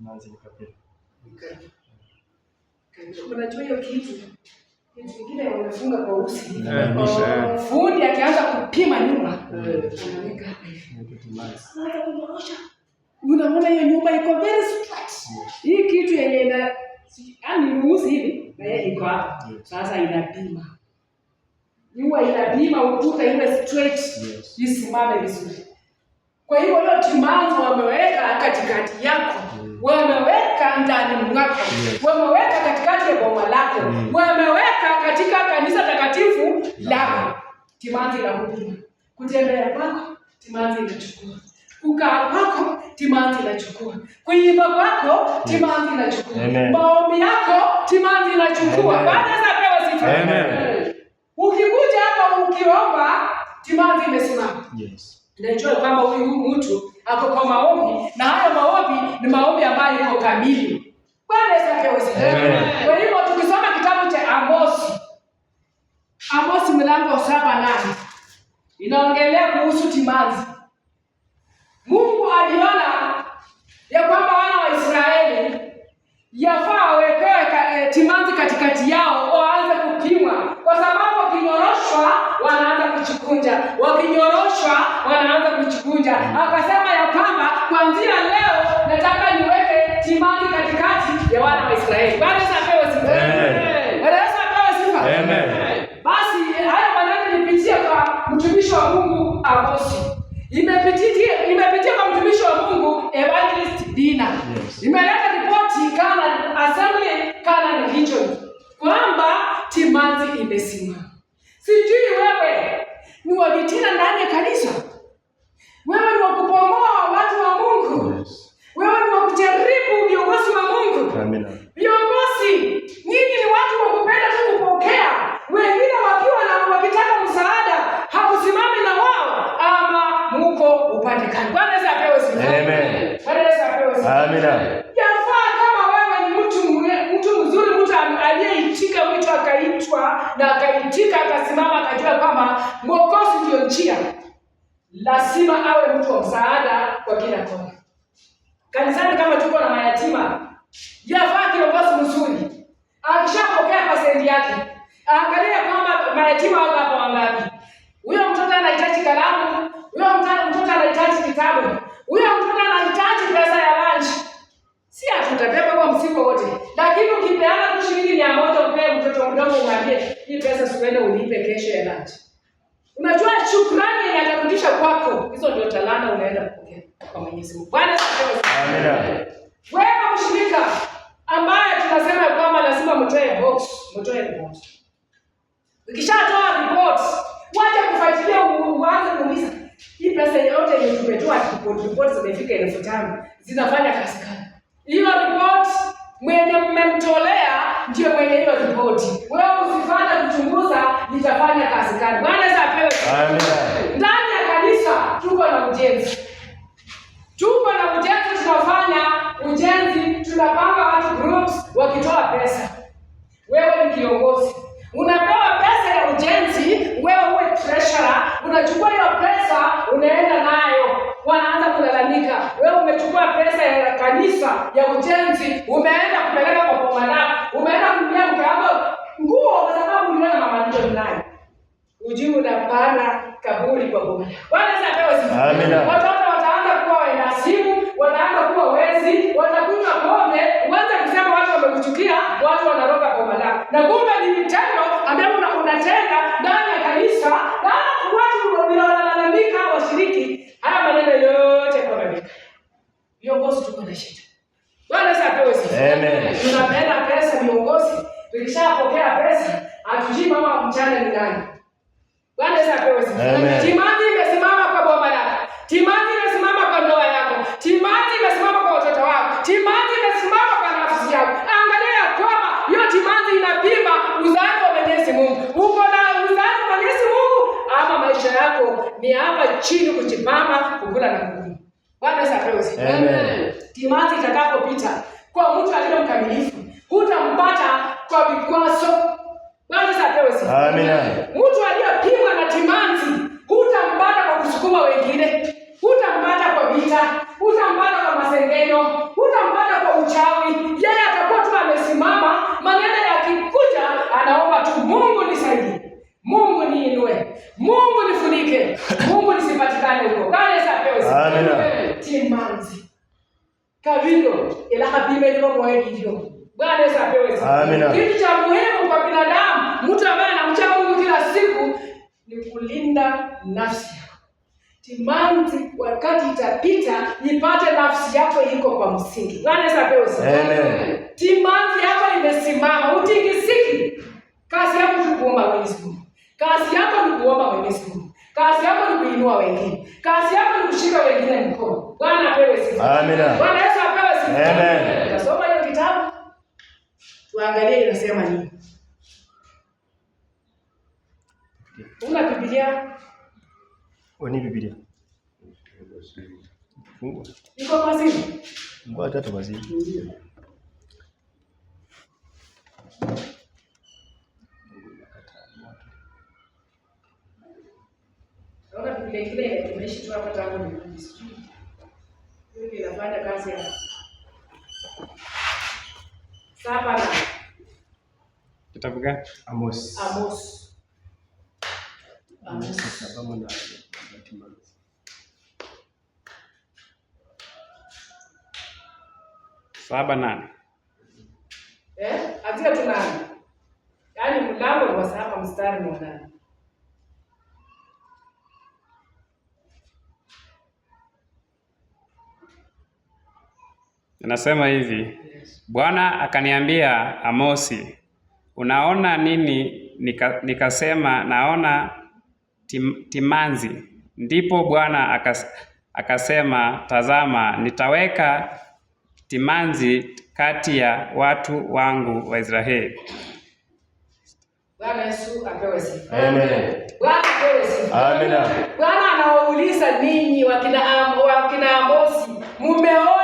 Mnazi Kapila. Unajua hiyo kitu kitu kingine unafunga kwa usi. Oh, fundi akianza kupima Unaona hiyo nyumba iko very straight. Hii kitu yenye ina yani ruhusi hivi na yeye iko hapa. Sasa inapima. Nyumba inapima ukuta straight isimame vizuri. Kwa hiyo wameweka katikati yako wameweka ndani mwako, wameweka katikati ya boma lako, wameweka katika kanisa takatifu lako. Timanzi la huduma, kutembea kwako timanzi inachukua, kukaa kwako timanzi inachukua, kuimba kwako timanzi inachukua, maombi yako timanzi inachukua. Bwana apewe sifa. Ukikuja hapa ukiomba timanzi imesimama, yes. Najua kwamba huyu mtu ako kwa maombi, na haya maombi ni maombi ambayo iko kamili. Bwana Yesu apewe sifa. Kwa hivyo tukisoma kitabu cha Amosi, Amosi mlango wa saba nane inaongelea kuhusu timazi. Mungu aliona ya kwamba wana wa Israeli yafaa wawekewe eh, timazi katikati yao, waanze kupimwa kwa sababu kujikunja, wakinyoroshwa wanaanza kujikunja. Akasema ya kwamba kuanzia leo nataka niweke timaki katikati ya wana wa Israeli. Bwana apewe sifa, Bwana apewe sifa. Amen. Basi eh, haya maneno nipitie kwa mtumishi wa Mungu Amosi, imepitia imepitia kwa mtumishi wa Mungu Evangelist Dina, yes. Imeleta ripoti kama assembly kana region kwamba timanzi imesimama. Sijui wewe ni wajitina ndani ya kanisa. Wewe ni wakupomoa watu wa Mungu, wewe ni wakujaribu viongozi wa Mungu. Amina. akaichukua na akaitika, akasimama, akajua kwamba mwokozi ndio njia. Lazima awe mtu wa msaada kwa kila kona kanisani, kama tuko na kwamba umwambie hii pesa sikwenda ulipe kesho ya lunch. Unajua shukrani inatarudisha kwako. Hizo ndio talanta unaenda kupokea kwa Mwenyezi Mungu. Bwana asifiwe. Amina. Wewe mshirika ambaye tunasema kwamba lazima mtoe box, mtoe report. Ukishatoa report, wacha kufuatilia uanze kuuliza hii pesa yote ile tumetoa report report zimefika elfu tano zinafanya kazi gani? Hiyo report mwenye mmemtolea ndio mwenye ripoti. Wewe usifanye kuchunguza, nitafanya kazi gani? Bwana apewe Amen. Ndani ya kanisa tuko na ujenzi, tuko na ujenzi, tunafanya ujenzi, tunapanga watu groups wakitoa pesa. Wewe ni kiongozi una kabisa ya ujenzi, umeenda kupeleka kwa komanda, umeenda kumia mkabo nguo kwa sababu uliona mama ndicho nayo ujibu na pana kaburi kwa Bwana. Bwana sasa apewe sifa. Amina. Watoto wataanza kuwa wenasibu, wataanza kuwa wezi, watakunywa pombe, uanze kusema watu wamekuchukia, watu wanaroga kwa mala. Na kumbe ni vitendo ambavyo unatenda baba wa mchana ni nani? Bwana Yesu apewe sifa. Timathi imesimama kwa baba yako. Timathi imesimama kwa ndoa yako. Timathi imesimama kwa watoto wako. Timathi imesimama kwa nafsi yako. Angalia ya kwamba hiyo timathi inapima uzao wa Mwenyezi Mungu. Uko na uzao wa Mwenyezi Mungu ama maisha yako ni hapa chini kuchipama, kukula na kunywa. Bwana Yesu apewe sifa. Amen. Timathi itakapopita kwa mtu aliye mkamilifu, hutampata kwa vikwazo Amina. Mtu aliyepimwa na timanzi hutampata kwa kusukuma wengine, hutampata kwa vita, hutampata kwa masengeno hutampata kwa uchawi. Yeye atakuwa tu amesimama, maneno yakikuja anaomba tu, Mungu nisaidie, Mungu niinue, Mungu nifunike, Mungu nisipatikane huko. Kanisa apewe. Amina. Timanzi. Kavindo ila hapime ndio moyo ndio. Bwana Yesu apewe sifa. Amina. Kitu cha muhimu kwa binadamu, mtu ambaye anamcha Mungu kila siku ni kulinda nafsi yako. Timanti wakati itapita, ipate nafsi yako iko kwa msingi. Bwana Yesu apewe sifa. Amen. Timanti yako imesimama, utikisiki. Kazi yako ni kuomba Mwenyezi Mungu. Kazi yako ni kuomba Mwenyezi Mungu. Kazi yako ni kuinua wengine. Kazi yako ni kushika wengine mkono. Bwana apewe sifa. Amina. Bwana Yesu apewe sifa. Amen. Tasoma tuangalie inasema nini. Una Biblia? Wani Biblia? Iko kwa simu? Fungua tatu kwa simu. Ona ile tumeishi tu hapa tangu ni Ndio kazi hapa saba na kitabu gani? Amos. Amos. Amos. Saba nane. Eh, azia tunani. Yaani mlango wa saba mstari wa nane. Inasema hivi, Bwana akaniambia Amosi, unaona nini? Nika, nikasema naona tim, timanzi. Ndipo Bwana akas, akasema tazama, nitaweka timanzi kati ya watu wangu wa Israeli. Bwana Yesu apewe sifa. Amen. Bwana apewe sifa. Amen. Bwana anawauliza ninyi wakina Amosi, mumeo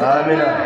Amén. Ah,